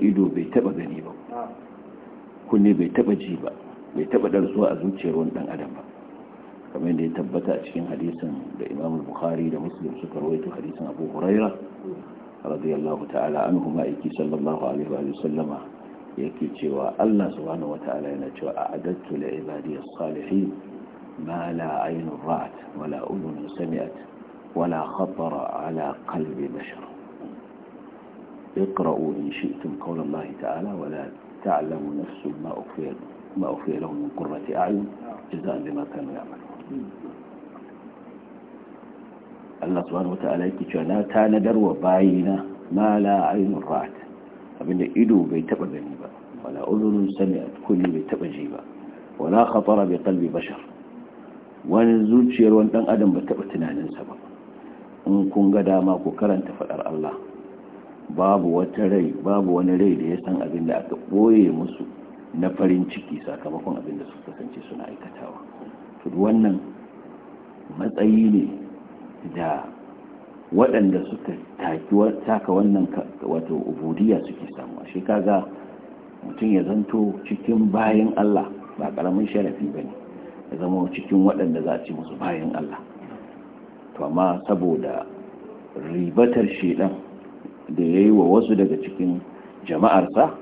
ido bai taba gani ba kunne bai taba ji ba bai taba darsuwa a zuciyar wani dan adam ba kamar yadda ya tabbata a cikin hadisin da imamul bukhari da muslim suka rawaito hadisin abu huraira radiyallahu ta'ala anhu ma'aiki sallallahu alaihi wa sallama yake cewa Allah subhanahu wa ta'ala yana cewa a'adattu li ibadi as-salihin ma la aynun ra'at wa la udhun sami'at ولا خطر على قلب بشر اقرأوا إن شئتم قول الله تعالى ولا تعلم نفس ما أفير ما أفير لهم من قرة أعين جزاء لما كانوا يعملون الله سبحانه وتعالى يتجانا تانا دروا باينا ما لا عين رأت فمن إدو بيتبع جنبا ولا أذن سمعت كل بيتبع جيبا ولا خطر بقلب بشر وانزل شير وانتن أدم بيتبع تنانا سببا in kun ga dama ku karanta faɗar Allah babu wata rai babu wani rai da ya san abin da aka ɓoye musu na farin ciki sakamakon abin da suka kasance suna aikatawa to wannan matsayi ne da waɗanda suka taka wannan wato ubudiyya suke samu shi kaga mutum ya zanto cikin bayan Allah ba karamin sharafi ba ne ya zama cikin waɗanda za a ce musu bayan Allah to amma saboda ribatar shedan da ya yi wa wasu daga cikin jama'arsa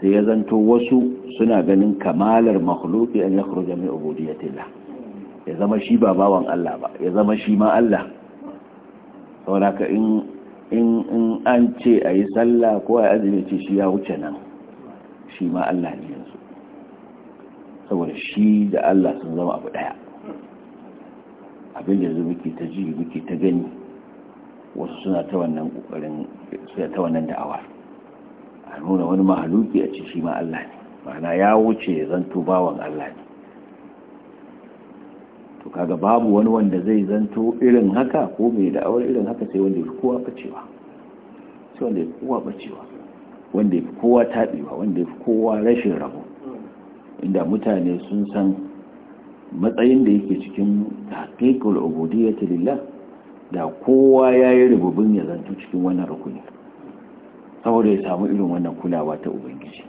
sai ya zanto wasu suna ganin kamalar makhluki an ya kuro mai ubudiyatila ya zama shi ba bawan Allah ba ya zama shi ma Allah sauraka in in an ce a yi sallah ko a azumi ce shi ya wuce nan shi ma Allah ne yanzu saboda shi da Allah sun zama abu daya abin da ke ta ji muke ta gani wasu suna ta wannan kokarin suna ta wannan da'awa a nuna wani mahaluki a ce shi ma Allah ne ma'ana ya wuce ya zanto bawan Allah ne to kaga babu wani wanda zai zanto irin haka ko mai da'awar irin haka sai wanda ya fi kowa bacewa sai wanda ya fi kowa bacewa wanda ya fi kowa taɓewa wanda ya fi kowa rashin rabo inda mutane sun san matsayin da yake cikin tahqiqul ubudiyyati lillah da kowa ya yi rububin ya zanto cikin wannan rukuni saboda ya samu irin wannan kulawa ta ubangiji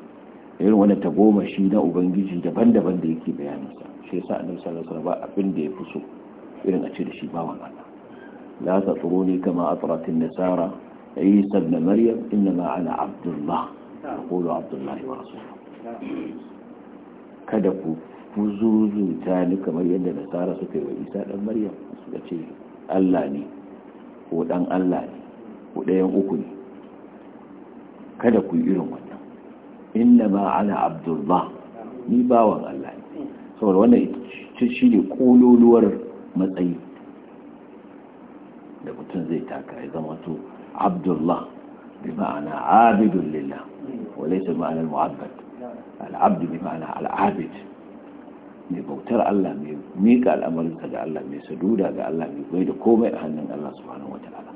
irin wannan shi na ubangiji daban-daban da yake bayani sa shi sa annabi sallallahu alaihi wasallam abin da ya fi so irin a ce da shi bawan Allah la tatruni kama atratin nasara isa ibn maryam ma ana abdullah qulu abdullah wa rasuluhu kada ku ta ni kamar yadda nasara suka yi wa isa dan maryam suka ce allah ne ko ɗan allah ne ko ɗayan uku ne kada ku yi irin wannan inna ma ana abdullah ni bawan allah ne saboda wannan shi ne kololuwar matsayi da mutum zai taka ya zama to abdullah bi ma'ana abidun lillah wa laysa ma'ana al-mu'abbad al-abd bi ma'ana al-abid mai bautar Allah mai miƙa al'amarinsa ga Allah mai saduda ga Allah mai bai da komai a hannun Allah subhanahu wa ta'ala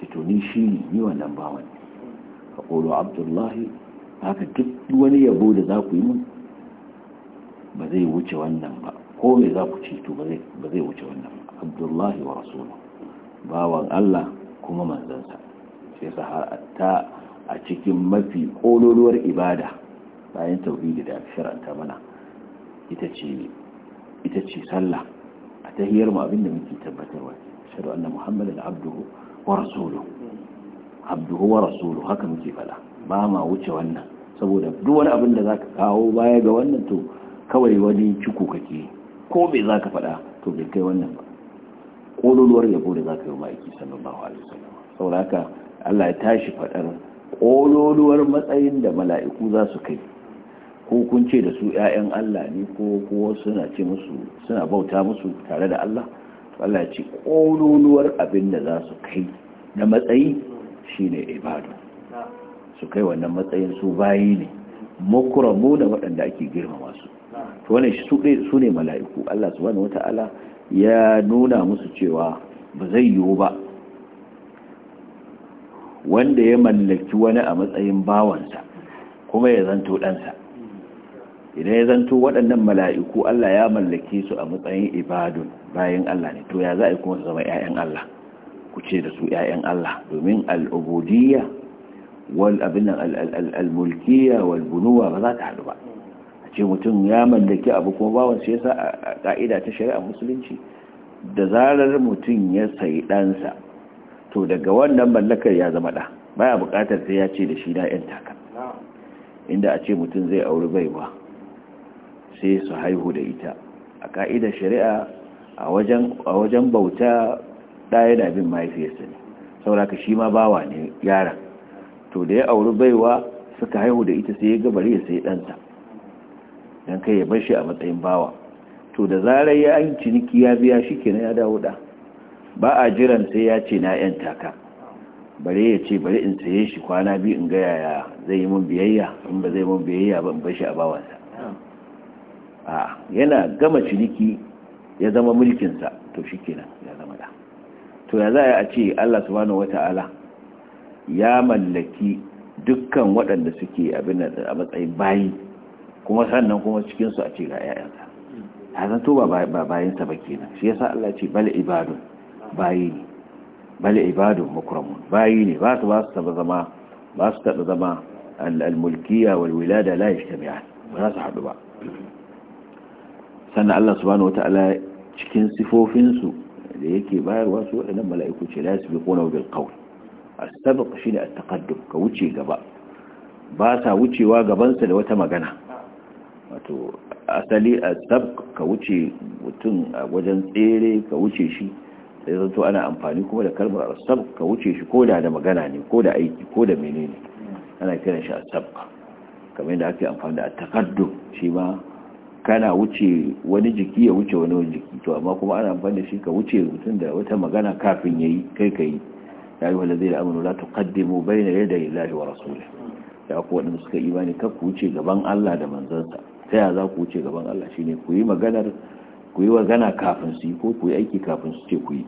ce to ni shi ne ni wannan bawan ka ƙoro abdullahi haka duk wani yabo da za ku yi mun ba zai wuce wannan ba ko me za ku ce to ba zai wuce wannan ba abdullahi wa rasulu bawan Allah kuma manzansa sai sa har ta a cikin mafi ƙololuwar ibada bayan tauhidi da shar'anta mana ita ce sallah a tahiyar mu abinda muke tabbatarwa shaɗu na muhammadan abduhu wa rasuluhu abduhu wa rasuluhu haka muke fada ba ma wuce wannan saboda duk wani abin da zaka kawo baya ga wannan to kawai wani cuku kake ko bai zaka fada to bai kai wannan ba kololuwar yabo da zaka yi wa aiki sallallahu alaihi wasallam saboda haka Allah ya tashi faɗar kololuwar matsayin da mala'iku za su kai ko kun ce da su 'ya'yan Allah ne ko kuwa suna ce musu suna bauta musu tare da Allah to Allah ya ce ƙololuwar abin da za su kai na matsayi shine ibadu su kai wannan matsayin su bayi ne makuramu da waɗanda ake girmama su to wannan su ne mala'iku Allah subhanahu wata'ala ya nuna musu cewa ba zai yiwu ba wanda ya mallaki wani a matsayin bawansa kuma ya zanto ɗansa idan ya zanto waɗannan mala'iku Allah ya mallake su a matsayin ibadun bayan Allah ne to ya za a yi kuma su zama ‘ya'yan Allah ku ce da su ‘ya'yan Allah domin al'ubudiyya wal abin al'almulkiya wal bunuwa ba za ta haɗu ba a ce mutum ya mallaki abu kuma ba su yasa a ƙa'ida ta shari'a musulunci da zarar mutum ya sayi ɗansa to daga wannan mallakar ya zama ɗa baya buƙatar sai ya ce da shi na ‘yan takar. inda a ce mutum zai auri baiwa sai su haihu da ita a ka'idar shari'a a wajen bauta ɗaya da bin mahaifiyarsa ne sauraka shi ma bawa ne yaran to da ya auri baiwa suka haihu da ita sai ya gabari ya sai ɗanta. don kai ya bar a matsayin bawa to da zarar ya yi ciniki ya biya shi kenan ya dawo da ba a jiran sai ya ce na yan taka bare ya ce bari in saye shi kwana biyu in ga yaya zai yi mun biyayya in ba zai mun biyayya ba in bar shi a bawansa a yana gama ciniki ya zama mulkinsa to shi ya zama da to ya za a ce allah subhanahu wata'ala ya mallaki dukkan waɗanda suke abin a matsayin bayi kuma sannan kuma cikinsu a ce ga 'ya'yansa ya to ba bayansa ba kenan shi yasa allah ce bal ibadun bayi ne bal ibadun mukramun bayi ne ba su ba zama ba su taba zama al-mulkiya wal wilada la yajtami'an ba za su haɗu ba sannan Allah subhanahu ta'ala cikin sifofinsu da yake bayarwa su waɗannan mala'iku ce la yasbiquna bil qawl as-sabq shine at-taqaddum ka wuce gaba ba sa wucewa gabansa da wata magana wato asali as-sabq ka wuce mutum a wajen tsere ka wuce shi sai zato ana amfani kuma da kalmar as-sabq ka wuce shi koda da magana ne koda aiki koda menene ana kiran shi as-sabq kamar yadda ake amfani da at-taqaddum shi ma kana wuce wani jiki ya wuce wani jiki to amma kuma ana amfani da shi ka wuce mutum da wata magana kafin yayi kai kai ya yi wanda zai amanu la tuqaddimu bayna yaday Allah wa rasulih ya ku wanda suka imani ka ku wuce gaban Allah da manzansa ta ya za ku wuce gaban Allah shine ku yi magana ku yi magana kafin su ko ku yi aiki kafin su ce ku yi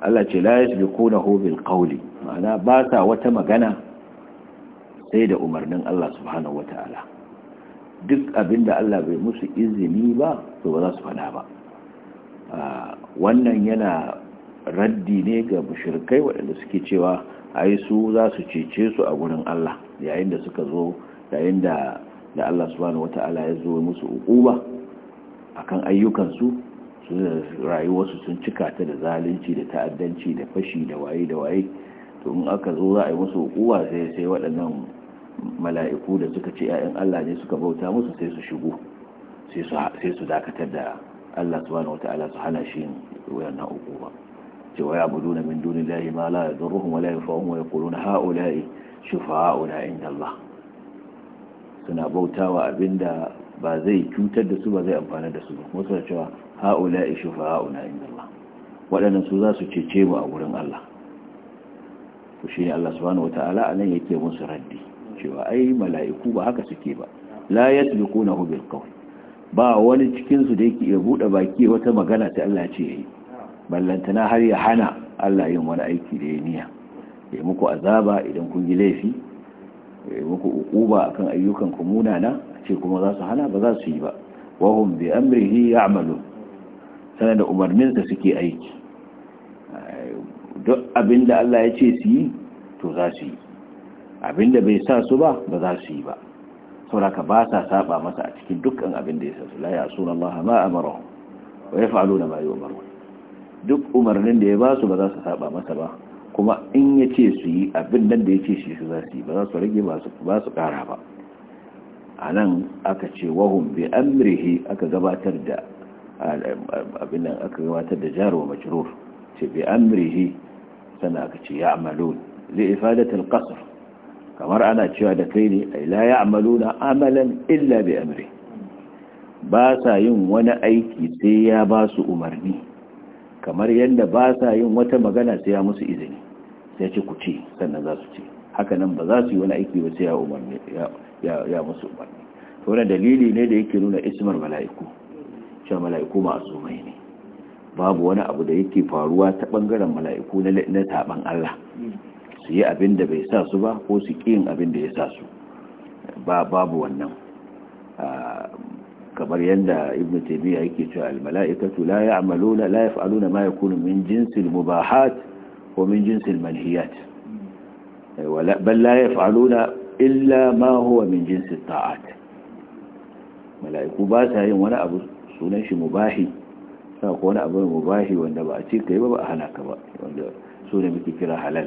Allah ce la yasbiqunahu bil qawli ma'ana ba sa wata magana sai da umarnin Allah subhanahu wataala duk abin da Allah bai musu izini ba to ba za su fada ba ah, wannan yana raddi ne ga mushrikai waɗanda suke cewa ai su za su cece su a gurin Allah yayin da suka zo yayin da da Allah subhanahu wata'ala ya zo musu uquba akan ayyukansu su rayuwarsu sun cika ta da zalunci da ta'addanci da fashi da waye da waye to in aka zo za a yi musu uquba sai sai waɗannan mala'iku da suka ce ‘ya'yan Allah ne suka bauta musu sai su shigo sai su dakatar da Allah subhanahu wa ta'ala su hana shi wayannan uku ba cewa ya budu na min duni lahi ma la yadurruhum wa la yanfa'uhum wa yaquluna ha'ula'i shufa'a'una inda Allah suna bautawa abinda ba zai cutar da su ba zai amfana da su ba, kuma suna cewa ha'ula'i shufa'a'una inda Allah waɗannan su za su cece mu a wurin Allah to shine Allah subhanahu wa ta'ala anan yake musu raddi cewa ai mala'iku ba haka suke ba la yasbiqunahu bil qawl ba wani cikin su da yake iya bude baki wata magana ta Allah ce yayi ballantana har ya hana Allah yin wani aiki da ya niyya ya muku azaba idan kun yi laifi ya muku ukuba akan ayyukan ku munana ce kuma za su hana ba za su yi ba wa hum bi amrihi ya'malun sanar da umarninsa suke aiki duk abinda Allah ya ce su yi to za su yi abinda bai sa su ba ba za su yi ba sauraka ba sa saba masa a cikin dukkan abin da ya sa su la ya'suna Allah ma amara wa yaf'aluna ma yu'maru duk umarnin da ya ba su ba za su saba masa ba kuma in ya ce su yi abin nan da ya ce shi su za su yi ba za su rage ba su kara ba a nan aka ce wahun bi amrihi aka gabatar da abin nan aka gabatar da jarwa majrur ce bi amrihi sana aka ce ya amalu li ifadatul qasr kamar ana cewa da kai ne ai la ya'maluna amalan illa bi amri ba sa yin wani aiki sai ya ba su umarni kamar yadda ba sa yin wata magana sai ya musu izini sai ce ku ce sannan za su ce haka nan ba za su yi wani aiki ba sai ya umarni ya musu umarni to wani dalili ne da yake nuna ismar mala'iku cewa mala'iku masu mai ne babu wani abu da yake faruwa ta bangaren mala'iku na taban Allah su yi abin da bai sa su ba ko su ƙi abin da ya sa su ba babu wannan kamar yadda ibn taymiya yake cewa al mala'ikatu la ya'maluna la yaf'aluna ma yakunu min jinsil mubahat ko min jinsil manhiyat bal la yaf'aluna illa ma huwa min jinsil ta'at mala'iku ba sa yin wani abu sunan shi mubahi sa ko wani abu mubahi wanda ba a ce kai ba ba a hana ka ba wanda su ne muke kira halal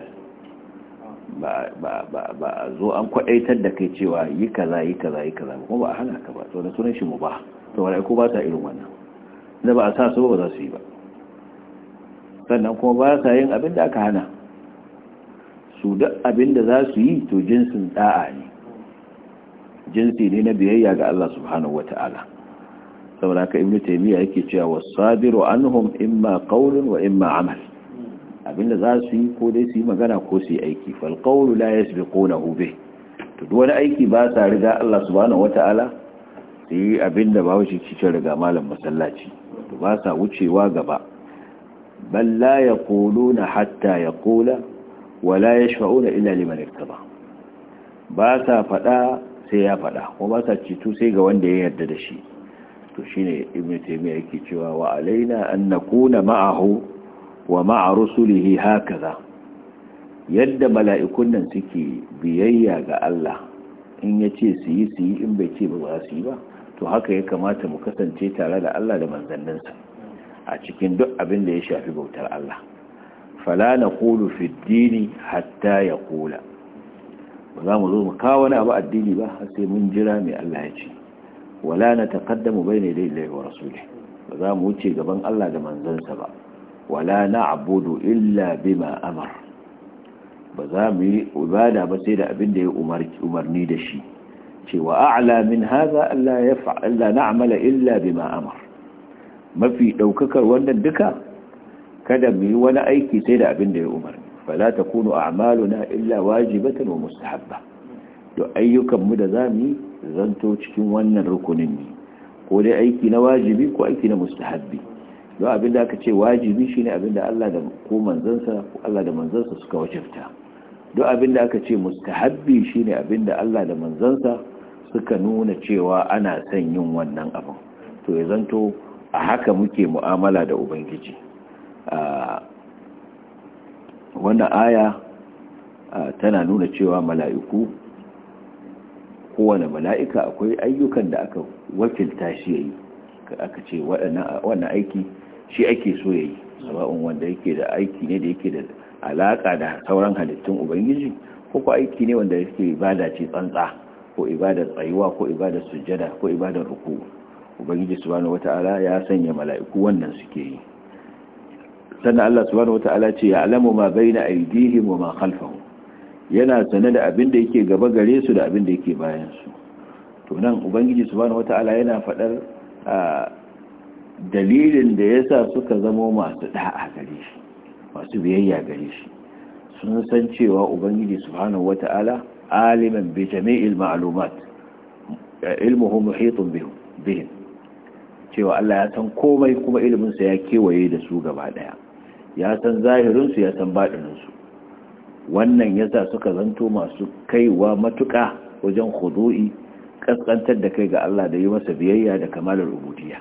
ba a zo an kwaɗaitar da kai cewa yi kaza yi kaza yi kaza kuma ba a hana ka ba to da sunan shi mu ba to wani ko ba ta irin wannan da ba a sa su ba za su yi ba sannan kuma ba sa yin abin da aka hana su da abin da za su yi to jinsin da'a ne jinsi ne na biyayya ga Allah subhanahu wata'ala saboda ka ibnu taymiya yake cewa wasabiru anhum imma qawlun wa imma amal abinda za su yi ko dai su yi magana ko su yi aiki fal ya la kona bi to wani aiki ba sa riga Allah subhanahu wataala su yi abinda ba wuce cikin riga malam masallaci to ba sa wucewa gaba bal la yaquluna hatta yaqula wa la yashfa'una illa liman iktaba ba sa fada sai ya fada ko ba sa cito sai ga wanda ya yarda da shi to shine ibnu taymiya yake cewa wa alaina an nakuna ma'ahu wa ma'a rusulihi hakaza yadda mala'ikun nan suke biyayya ga Allah in ya ce su yi su yi in bai ce ba su yi ba to haka ya kamata mu kasance tare da Allah da manzanninsa a cikin duk abin da ya shafi bautar Allah fala na kulu fi hatta ya kula ba za mu zo mu kawo wani abu addini ba har sai mun jira mai Allah ya ce wala na taqaddamu bayna ilayhi wa rasulih ba za mu wuce gaban Allah da manzansa ba wala na'budu illa bima amar ba za mu yi ibada ba sai da abin da ya umarni da shi cewa a'la min hadha alla yaf'al la na'mala illa bima amar mafi daukakar wannan duka kada mu yi wani aiki sai da abin da ya umarni fala takunu a'maluna illa wajibatan wa mustahabba to ayyukan mu da za yi zanto cikin wannan rukunin ne ko dai aiki na wajibi ko aiki na mustahabbi don abin da aka ce wajibi shine abin da Allah da ko manzansa Allah da manzansa suka wajabta don abin da aka ce mustahabbi shine abin da Allah da manzansa suka nuna cewa ana son yin wannan abin to ya zanto a haka muke mu'amala da ubangiji wannan aya tana nuna cewa mala'iku kowane mala'ika akwai ayyukan da aka wakilta shi yayi aka ce wannan aiki shi ake so ya yi, saba'un wanda yake da aiki ne da yake da alaƙa da sauran halittun ubangiji ko ko aiki ne wanda yake ibada ce tsantsa ko ibada tsayuwa ko ibada sujjada ko ibada ruku ubangiji subhanahu wataala ya sanya mala'iku wannan suke yi sannan Allah subhanahu wataala ce ya alamu ma baina aydihim wa ma khalfahum yana sane da abin da yake gaba gare su da abin da yake bayan su to nan ubangiji subhanahu wataala yana fadar ah, dalilin da ya sa suka zama masu da'a gare shi masu biyayya gare shi sun san cewa ubangiji subhanahu wata'ala aliman bi jami'il ma'lumat ilmuhu muhitun bihim cewa Allah ya san komai kuma ilimin sa ya kewaye da su gaba daya ya san zahirin su ya san batinin su wannan yasa suka zanto masu kaiwa matuka wajen khudu'i kaskantar da kai ga Allah da yi masa biyayya da kamalar ubudiyya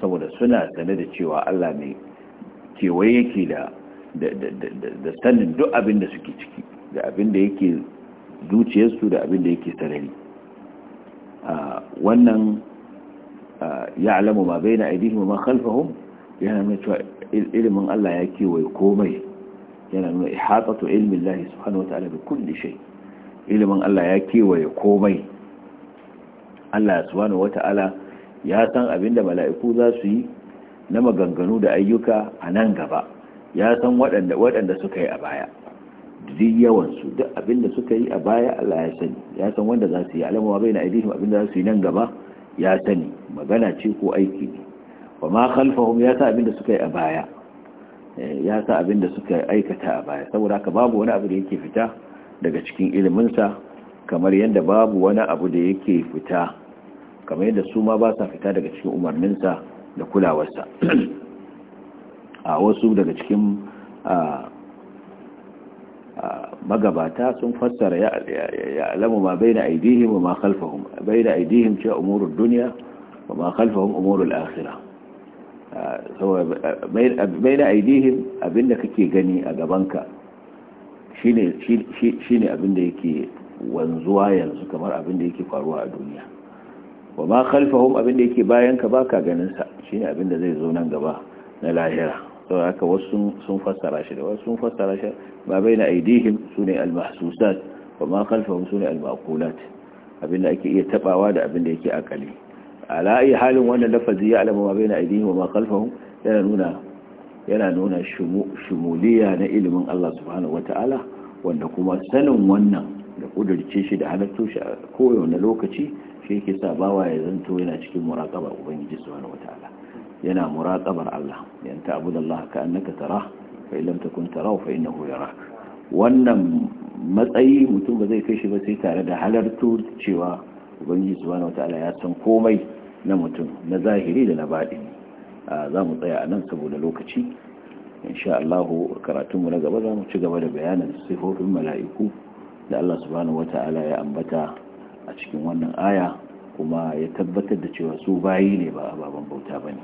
saboda suna sane da cewa Allah mai kewaye yake da da sanin duk abin da suke ciki da abin da yake zuciyarsu da abin da yake sarari wannan ya alamu ma bai na aidihim ma khalfahum yana nuna cewa ilimin Allah ya kewaye komai yana nuna ihatatu ilmin Allah subhanahu wataala bi kulli shay ilimin Allah ya kewaye komai Allah subhanahu wataala ya san abin da mala'iku za su yi na maganganu da ayyuka a nan gaba ya san waɗanda suka yi a baya duk yawansu duk abin da suka yi a baya Allah ya sani ya san wanda za su yi alamawa bai na aidihim abin da za su yi nan gaba ya sani magana ce ko aiki ne wa ma khalfahum ya sa abin da suka yi a baya eh, ya sa abin da suka aikata a baya saboda haka babu wani abu da yake fita daga cikin iliminsa kamar yadda babu wani abu da yake fita kamar yadda su ma ba sa fita daga cikin umarninsa da kulawarsa a wasu daga cikin magabata sun fassara ya alamu ma bai na aidihim wa ma khalfahum bai na aidihim ce umurul duniya wa ma khalfahum umurul akira bai na aidihim abinda kake gani a gabanka shine abinda yake wanzuwa yanzu kamar abinda yake faruwa a duniya wa ma khalfahum abin da yake bayan ka baka ganin sa shine abin da zai zo nan gaba na lahira saboda haka wasu sun fassara shi da wasu sun fassara shi ma baina aidihim sune al wa ma khalfahum al-maqulat abin da ake iya tabawa da abin da yake akali ala ayi halin wannan lafazi ya alama ma baina aidihim wa ma khalfahum yana nuna yana nuna shumuliya na ilimin Allah subhanahu wata'ala wanda kuma sanin wannan da kudirce shi da halatto shi a kowane lokaci shi ke sa bawa ya zanto yana cikin muraqaba ubangiji subhanahu wataala yana muraƙabar Allah yan ta'budu Allah ka annaka tara fa in lam takun tarahu fa innahu wannan matsayi mutum ba zai kai shi ba sai tare da halartu cewa ubangiji subhanahu wataala ya san komai na mutum na zahiri da na baɗi za mu tsaya a nan saboda lokaci insha allahu karatunmu na gaba za mu ci gaba da bayanin sifofin mala'iku da Allah subhanahu wata'ala ya ambata a cikin wannan aya kuma ya tabbatar da cewa su bayi ne ba ababen bauta ba ne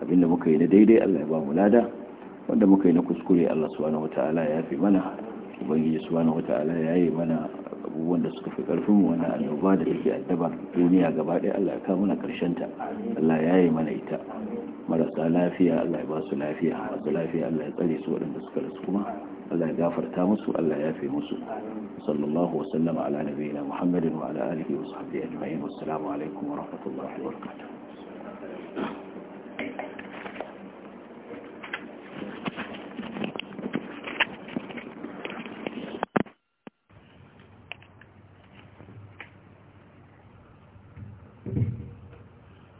abinda muka yi na daidai allah ya ba mu lada wanda muka yi na kuskure allah subhanahu wata'ala ya fi mana ubangiji subhanahu wata'ala ya yi mana abubuwan da suka fi karfin mu wannan annoba da take addabar duniya gaba ɗaya allah ya kawo mana karshen ta allah ya yi mana ita marasa lafiya allah ya ba su lafiya masu lafiya allah ya tsare su waɗanda suka rasu kuma allah ya gafarta musu allah ya fi musu وصلى الله وسلم على نبينا محمد وعلى آله وصحبه أجمعين والسلام عليكم ورحمة الله وبركاته